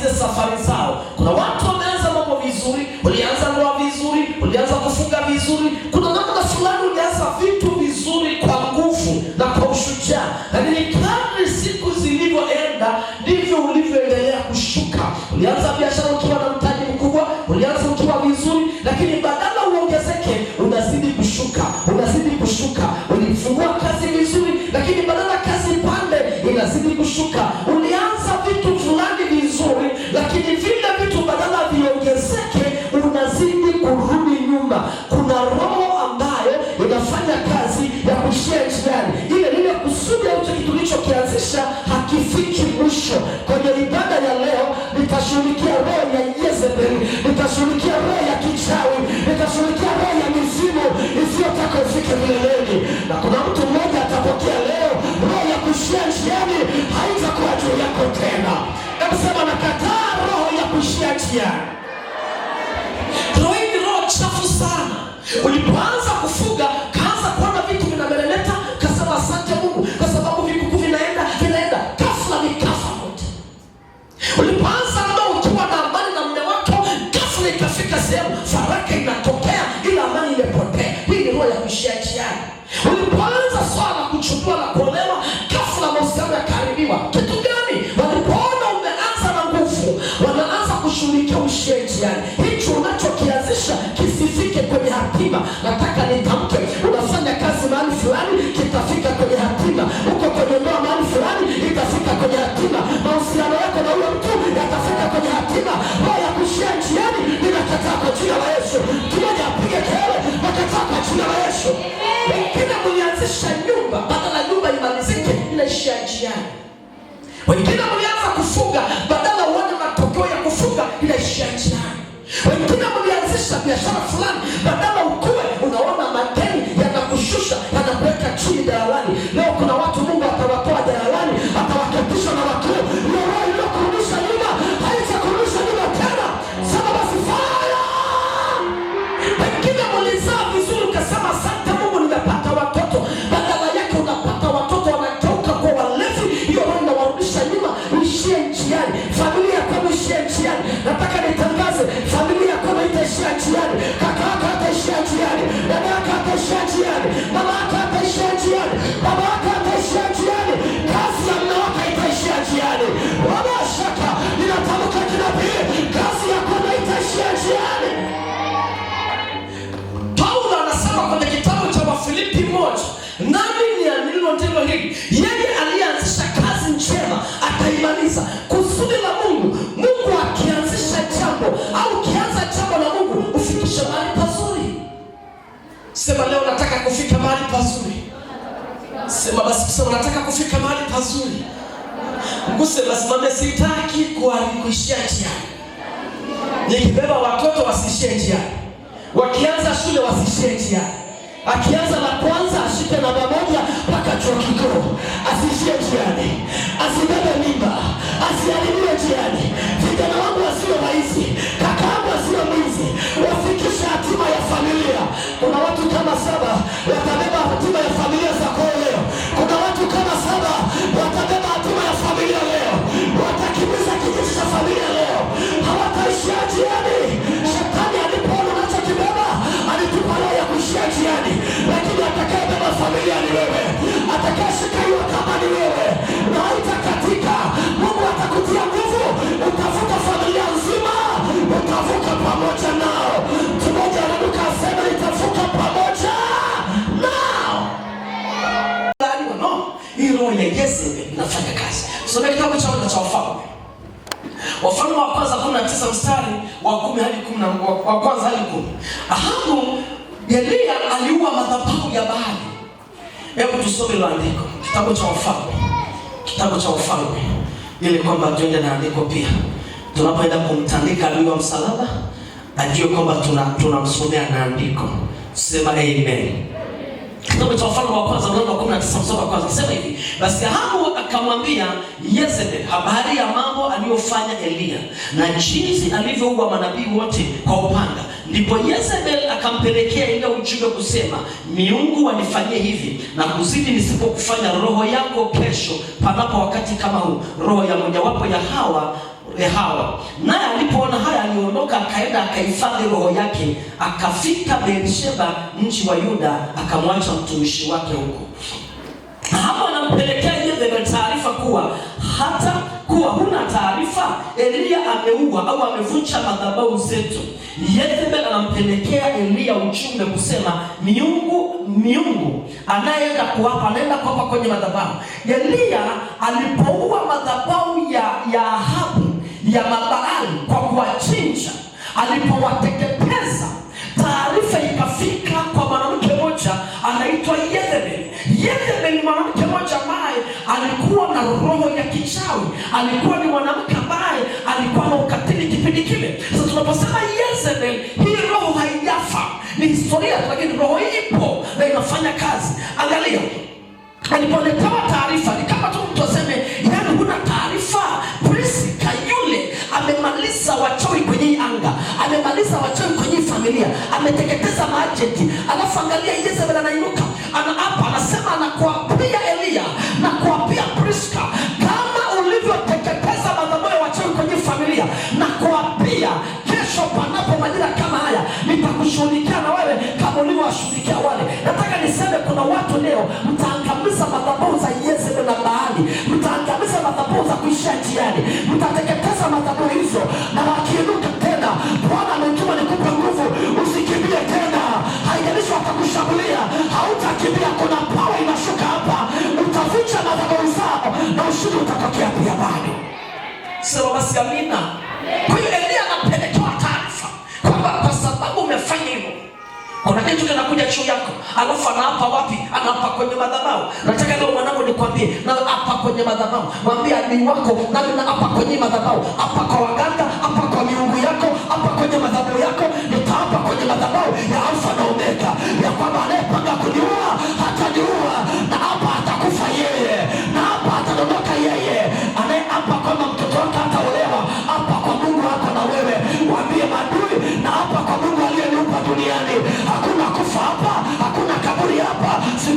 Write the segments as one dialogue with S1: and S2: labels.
S1: wamalize safari zao. Kuna watu wameanza mambo vizuri, ulianza ndoa vizuri, ulianza kufunga vizuri, kuna namna fulani ulianza vitu vizuri kwa nguvu na kwa ushujaa, lakini kadri siku zilivyoenda ndivyo ulivyoendelea kushuka. Ulianza biashara ukiwa na mtaji mkubwa, ulianza ukiwa vizuri, lakini badala uongezeke unazidi kushuka, unazidi nikashumikia roho ya kichawi, nikashumikia roho ya mizimu isiyotaka ufike vileleni. Na kuna mtu mmoja atapokea leo roho ya kushia njiani, haitakuwa juu yako tena. nataka nitamke. Unafanya kazi mahali fulani, kitafika kwenye hatima. Uko kwenye ndoa mahali fulani, itafika kwenye hatima. Mahusiano yako na huyo mtu yatafika kwenye hatima. Roho ya kushia njiani ninakataa kwa jina la Yesu. Tumoja apige kelele, nakataa kwa jina la Yesu. Wengine mlianzisha nyumba, badala nyumba imalizike, inaishia njiani. Wengine mlianza kufunga, badala uone matokeo ya kufunga, inaishia njiani. Wengine mlianzisha biashara fulani kutoka kwenye kitabu cha Wafilipi moja, nami ni niamini ndilo hili, yeye aliyeanzisha kazi njema ataimaliza. Kusudi la Mungu, Mungu akianzisha jambo au kianza jambo na Mungu ufikishe mahali pazuri. Sema leo nataka kufika mahali pazuri. Sema basi, kusema nataka kufika mahali pazuri. Mguse basi, mwambie sitaki kuishia njiani, nikibeba watoto wasishie njiani wakianza shule wasishie njiani. Akianza la kwanza ashike namba moja mpaka chuo kikuu, asishie jiani asibebe mimba, asiharibiwe njiani. Vijana wangu wasio waizi, kaka wangu wasio mwizi, wafikisha hatima ya familia. Kuna watu kama saba Wafalme wa kwanza tisa mstari wa kumi hadi na wa kwanza hadi kumi Ahabu Yeria aliua madhabahu ya Baali. Hebu tusome ile andiko. Kitabu cha Wafalme. Kitabu cha Wafalme. Ile kwamba tuende na andiko pia. Tunapoenda kumtandika wa msalaba, ajue kwamba tunamsomea na andiko. Sema amen. Kitabu cha Wafalme wa kwanza mlango wa 19 mstari wa kwanza sema hivi, basi Ahabu akamwambia Yezebeli habari ya mambo aliyofanya Eliya na jinsi alivyoua manabii wote kwa upanga. Ndipo Yezebeli akampelekea ile ujumbe kusema, miungu wanifanyie hivi na kuzidi nisipokufanya roho yako kesho panapo wakati kama huu, roho ya mojawapo ya hawa ni hawa. Naye alipoona haya aliondoka, akaenda akahifadhi roho yake, akafika Beersheba, mji wa Yuda, akamwacha mtumishi wake huko. Hapo anampelekea Yezebeli taarifa kuwa hata kuwa huna taarifa, Eliya ameua au amevunja madhabahu zetu. Yezebeli anampelekea Eliya ujumbe kusema miungu miungu anayeenda kuapa anaenda kuapa kwenye madhabahu. Eliya alipoua madhabahu ya ya Ahabu ya Mabaali kwa kuwachinja. Alipowateketeza, taarifa ikafika kwa mwanamke moja anaitwa Yezebeli. Yezebeli ni mwanamke moja ambaye alikuwa na roho ya kichawi, alikuwa ni mwanamke ambaye alikuwa na ukatili kipindi kile. sa tunaposema Yezebeli, hii roho haijafa, ni historia, lakini roho ipo na inafanya kazi. Angalia, alipoletewa taarifa, ni kama tu mtu aseme, yani huna taarifa amemaliza wachoi kwenye anga, amemaliza wachoi kwenye familia, ameteketeza maajenti. Alafu angalia Yezebel anainuka, ana hapa anasema, anakuapia Elia na kuapia Priska, kama ulivyoteketeza madhabahu ya wachoi kwenye familia, na kuapia kesho, panapo majira kama haya, nitakushughulikia na wewe kama ulivyowashughulikia wale. Nataka niseme kuna watu leo mtaangamiza madhabahu za Yezebel na Baali, mtaangamiza madhabahu za kuishia njiani, mta madhabahu hizo, na wakiinuka tena, Bwana ametuma nikupe nguvu, usikimbie tena. Haijalishi watakushambulia, hautakimbia. Kuna pawa inashuka hapa, utaficha madhabahu zao na ushindi utatokea pia. Bali sema basi, amina. Kwa hiyo Elia Kuna kitu kinakuja juu yako, alafu anaapa wapi? Anaapa kwenye madhabahu. Nataka leo mwanangu nikwambie, na hapa kwenye madhabahu, mwambie adui wako, na na apa kwenye madhabahu, apa kwa waganga, apa kwa miungu yako, apa kwenye madhabahu yako. Nitaapa kwenye madhabahu ya Alfa na Omega ya kwamba anayepanga kuniua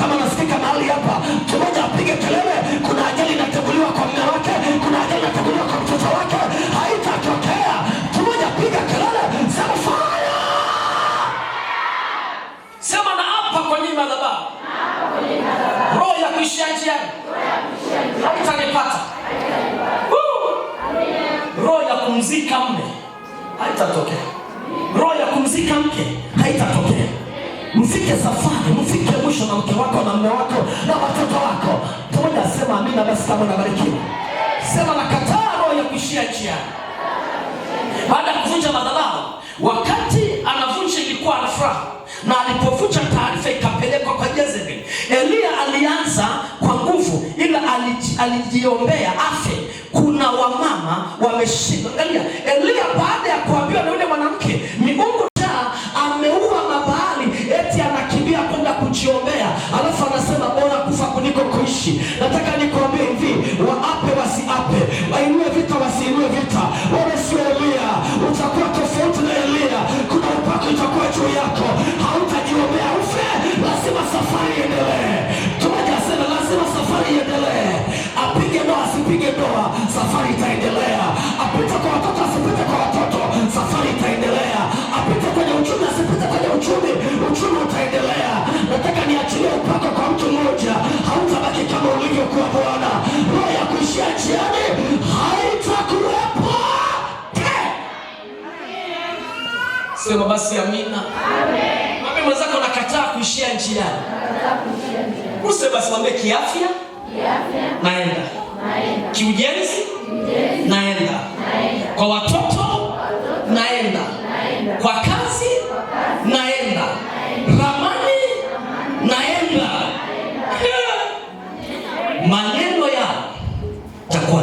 S1: kama nasikika mahali hapa alianza kwa nguvu, ila alijiombea afe. Kuna wamama wameshinda, angalia sema basi amina. Amen. Mwambie mwenzako nakataa kuishia njiani. Muse basi mwambie kiafya, kiafya naenda, naenda. Kiujenzi, naenda. Naenda kwa watoto, watoto. Naenda. Naenda kwa kazi, kwa kazi. Naenda, naenda. Ramani, naenda, naenda. Maneno ya takuwa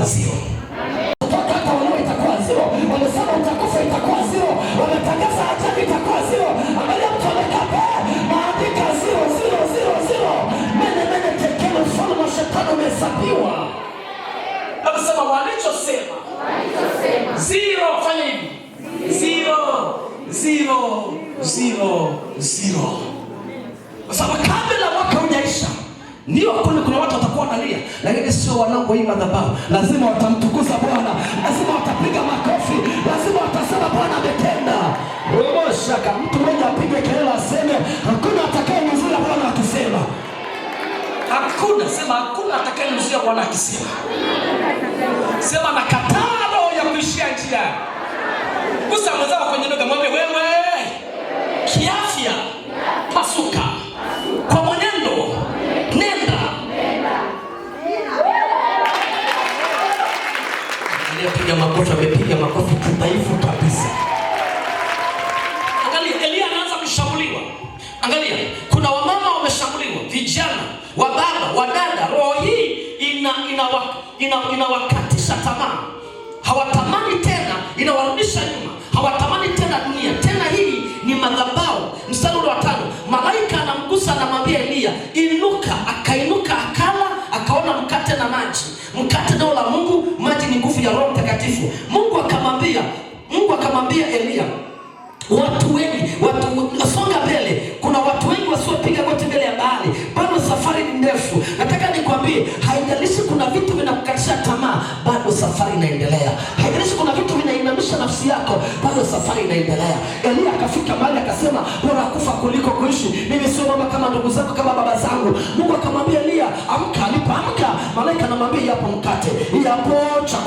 S1: hakuna, sema hakuna atakayenusia Bwana akisema. Sema na kataa roho ya kuishia njia. Gusa mwenzako kwenye ndoga, mwambie wewe, kiafya pasuka, kwa mwenendo nenda. Aliyepiga makofi amepiga makofi kabisa. Wadada, roho hii ina inawakatisha ina, ina tamaa, hawatamani tena, inawarudisha nyuma, hawatamani tena dunia tena. Hii ni madhabao Mstari wa tano, malaika anamgusa anamwambia Eliya, inuka. Akainuka akala, akaona mkate na maji. Mkate neno la Mungu, maji ni nguvu ya Roho Mtakatifu. Mungu akamwambia Mungu akamwambia Eliya, watu wengi watu, songa mbele bado safari ni ndefu. Nataka nikwambie, haijalishi kuna vitu vinakukatisha tamaa, bado safari inaendelea. Haijalishi kuna vitu vinainamisha nafsi yako, bado safari inaendelea. Elia akafika mahali akasema, bora kufa kuliko kuishi. Mimi sio mama kama ndugu zako kama baba zangu. Mungu akamwambia Elia, amka. Alipoamka malaika anamwambia, yapo mkate, yapo chakula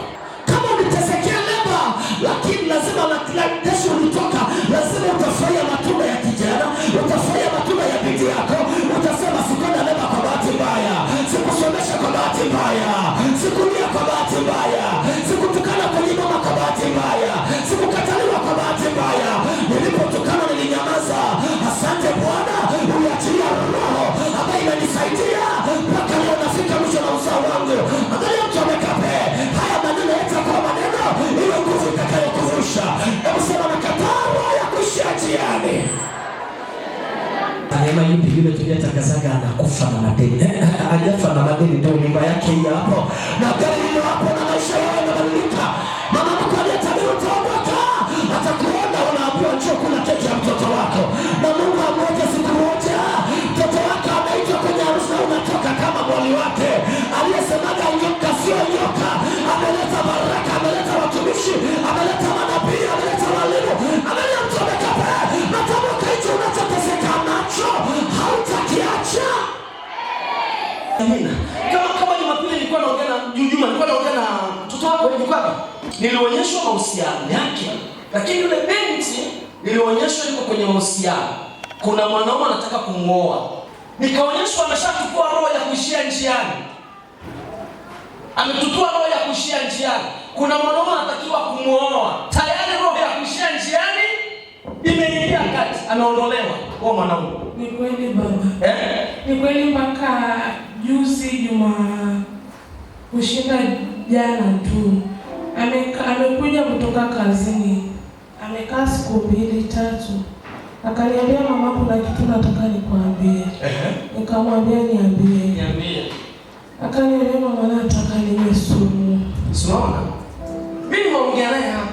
S1: nyumba hii pengine takasaga anakufa na madeni, ajafa na madeni tu, nyumba yake hapo na gari hapo nilionyeshwa mahusiano yake, lakini yule binti nilionyeshwa yuko kwenye mahusiano, kuna mwanaume anataka kumwoa, nikaonyeshwa ameshachukua roho ya kuishia njiani, ametutua roho ya kuishia njiani. Kuna mwanaume anatakiwa kumwoa, tayari roho ya kuishia njiani imeingia kati, ameondolewa huo mwanaume.
S2: Ni kweli baba, eh? Ni kweli mpaka juzi juma kushinda jana tu amekuja kutoka kazini, amekaa siku mbili tatu, akaniambia mama, kuna kitu nataka nikwambie. Nikamwambia niambie,
S1: niambie.
S2: Akaniambia mama, nataka niwe sumu. Unaona,
S1: mimi naongea naye hapa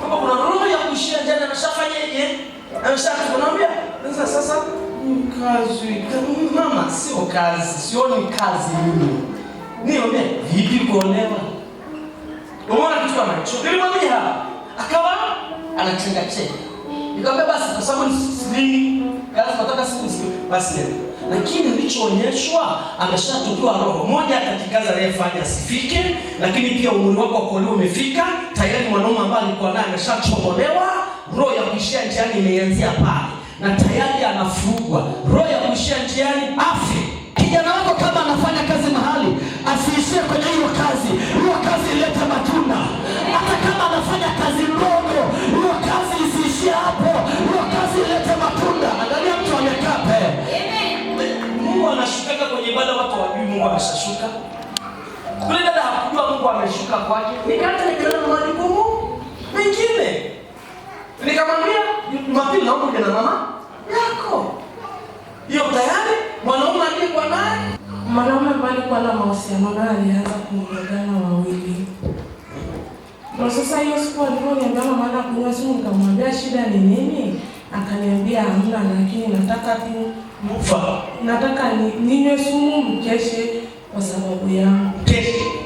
S1: kama kuna roho ya kushia jana, ameshafanyaje? Ameshakunambia sasa, sasa kazi mama, sio kazi, sio ni kazi mimi. Niombe vipi kuonewa? umeona kitu kama hicho. Nilimwambia akawa anachenga chenga, nikamwambia basi, kwa sababu ni siri, lazima nataka siku siku basi leo, lakini nilichoonyeshwa ameshatokiwa roho moja katika kazi fanya asifike, lakini pia umri wako wa kuolewa umefika tayari. Mwanaume ambaye alikuwa naye ameshachomolewa, roho ya kuishia njiani imeianzia pale na tayari anafurugwa, roho ya kuishia njiani afi. Kijana wako kama anafanya kazi usilete matunda. Angalia mtu amekaa pale. Mungu anashukaga kwenye ibada, watu wajui Mungu ameshashuka. Kule dada hakujua Mungu ameshuka kwake. Nikaanza nikiona majukumu mengine. Nikamwambia, "Jumapili naomba uje na mama yako." Hiyo tayari mwanaume aliyekuwa naye
S2: mwanaume ambaye alikuwa na mahusiano naye alianza kuungana wawili. Na sasa hiyo siku alikuwa niambia mama na kunywa sumu, nikamwambia shida ni nini? akaniambia amna lakini nataka tu
S1: mufa,
S2: nataka ninywe sumu mkeshe kwa sababu yangu.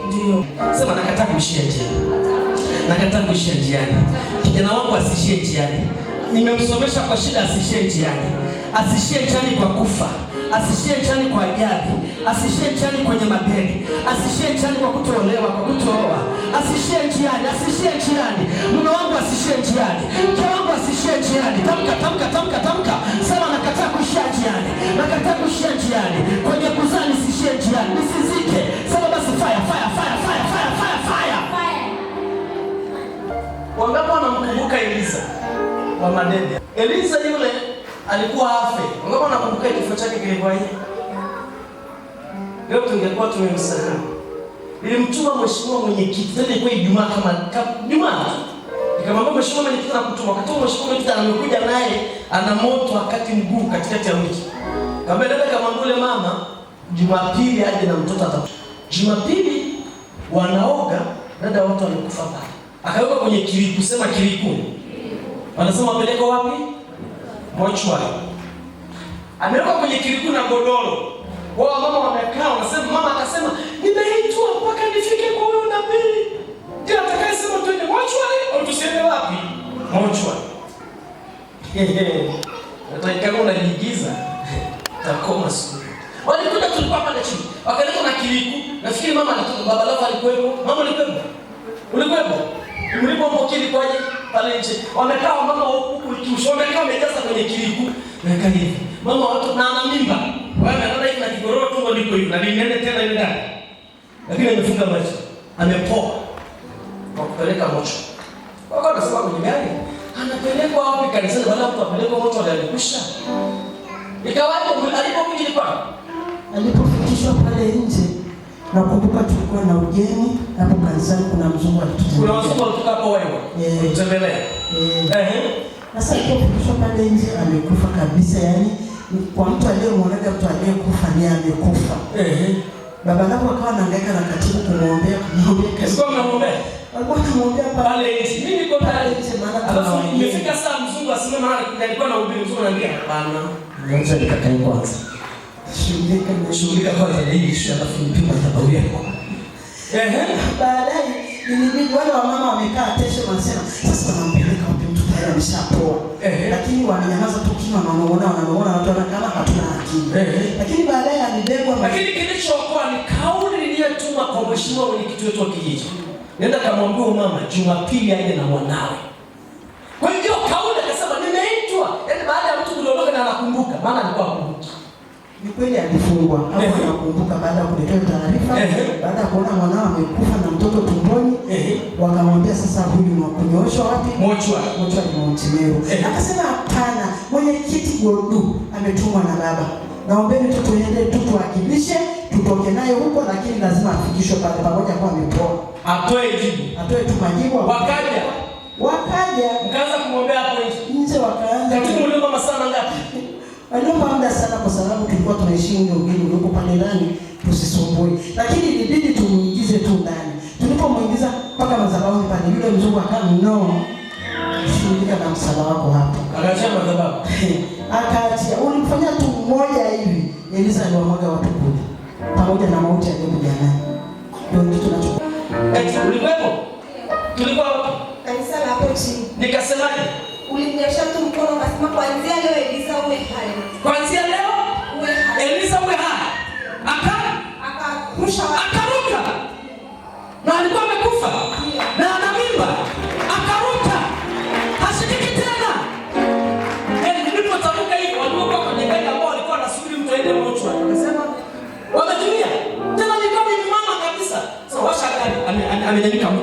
S2: Ndio
S1: sema nakataa kuishia njiani, nakataa kuishia njiani. Kijana wangu asishie njiani, nimemsomesha kwa shida, asishie njiani, asishie njiani kwa kufa asishie chani kwa ajali, asishie chani kwenye mabegi, asishie chani kwa kutolewa, kwa kutooa, asishie njiani, asishie njiani, mume wangu asishie njiani, mke wangu asishie njiani. Tamka, tamka, tamka, tamka, sema nakataa kushia njiani, nakataa kushia njiani, kwenye kuzaa nisishie njiani, nisizike. Sema basi, fire, fire, fire, fire, fire, fire, fire. Wangapi wanamkumbuka Eliza wa Madede? Elisa yule alikuwa afe. Ngoma nakumbuka kifo chake kilikuwa hivi. Leo tungekuwa tumemsahau. Nilimtuma mheshimiwa mwenyekiti, sasa ilikuwa Ijumaa kama Ijumaa. Nikamwambia mheshimiwa mwenyekiti nakutuma. Wakati mheshimiwa mwenyekiti amekuja naye ana moto wakati mguu katikati ya wiki. ndio kama kamwambie mama Jumapili aje na mtoto atakuja. Jumapili wanaoga dada watu walikufa pale. Akaweka kwenye kiliku, sema kiliku. Wanasema peleko wapi? mochwari, amewekwa kwenye kirikuu na godoro. Wao mama wamekaa wanasema, mama akasema nimeitwa mpaka nifike kwa huyo nabii, ndiye atakayesema twende mochwari au tusiende wapi? Mochwari. Nataka unajiigiza takoma siku walikuta tulikuwa pale chini, wakaleta na kiliku. Nafikiri mama alitoka, baba lava alikuwepo, mama alikuwepo, ulikuwepo, mlipompokia ilikuwaje? pale nje, wamekaa mama huku wamekaa wamejaza kwenye kiliku, nakaa hivi mama watu na ana mimba, wamekaa hivi na kigororo tu ndiko hivi, na nene tena yenda lakini amefunga macho, amepoa kwa kupeleka moto. Wako na sababu ni gani anapelekwa wapi kanisani, wala mtu apelekwa moto, alikusha ikawaje alipokuja
S2: alipofikishwa pale nje Nakumbuka tulikuwa na ugeni hapo kanisani, kuna mzungu
S1: alitutembelea. Kuna mzungu alitoka hapo wewe? Eh. Kutembelea. Eh.
S2: Sasa ipo kutoka pale nje amekufa kabisa yani kwa mtu aliyemwonaga mtu aliyekufa ni amekufa. Eh. Baba yangu akawa anahangaika na katibu kumwombea
S1: kumwombea. Sikuwa mnamuombea?
S2: Alikuwa anamwombea
S1: pale nje. Mimi niko pale nje maana alafu imefika saa mzungu asimama na alikuwa na ubiri mzungu bana. Ngoja nikakae kwanza shughulika na shughulika kwa zaidi issue alafu nipima madhabahu yako. Ehe,
S2: baadaye nilibidi wale wamama wamekaa tesho wanasema sasa tunampeleka wapi mtu tayari ameshapoa. Ehe, lakini wamenyamaza tu kima wanaona wanaona watu kama hatuna akili. Ehe, lakini baadaye alibebwa.
S1: Lakini kilichookoa ni kauli niliyotuma kwa mheshimiwa mwenyekiti wetu wa kijiji. Nenda kamwambia mama Jumapili aje na wanawe. Kwa hiyo kauli akasema nimeitwa, yaani baada ya mtu kudondoka na anakumbuka maana alikuwa
S2: kweli alifungwa hapo, nakumbuka baada ya kuletea taarifa, baada ya kuona mwanao amekufa na mtoto tumboni, wakamwambia sasa, huyu ni kunyoshwa wapi? Mochwa, mochwa ni Mount Meru. Akasema hapana, mwenyekiti Godu ametumwa na baba, naombeni tu tuende tu tuwakilishe, tutoke naye huko, lakini lazima afikishwe pale pamoja kwa mipoa,
S1: atoe jibu,
S2: atoe tu majibu. Wakaja wakaja,
S1: mkaanza kumwombea hapo
S2: nje, wakaanza
S1: katibu. Mlikuwa masaa mangapi?
S2: Aliomba muda sana, kwa sababu tulikuwa tunaishi ndio ugeni ulioko pale ndani tusisumbue, lakini ilibidi tumuingize tu ndani. Tulipomuingiza mpaka madhabahu pale, yule mzungu akamno shughulika na msala wako hapo,
S1: akaacha madhabahu
S2: akaacha. Ulimfanya tu mmoja hivi, Eliza aliwamwaga watu kule pamoja na mauti aliyokuja naye. Ndio kitu tunachokua.
S1: Eh, Ulimwemo tulikuwa hapo
S2: kanisa la hapo chini,
S1: nikasemaje?
S2: ulimnyosha mtu mkono ukasema kuanzia leo Eliza uwe hai.
S1: Kuanzia leo uwe hai. Eliza uwe hai. Aka
S2: akarusha
S1: akaruka. Na alikuwa amekufa. Na ana mimba. Akaruka. Hashikiki tena. Eh, nilipotamka hivi walikuwa kwenye gari ambao walikuwa wanasubiri mtu aende mochwa. Akasema wametumia. Tena ni ni mama kabisa. Sasa washa gari amenyanyuka.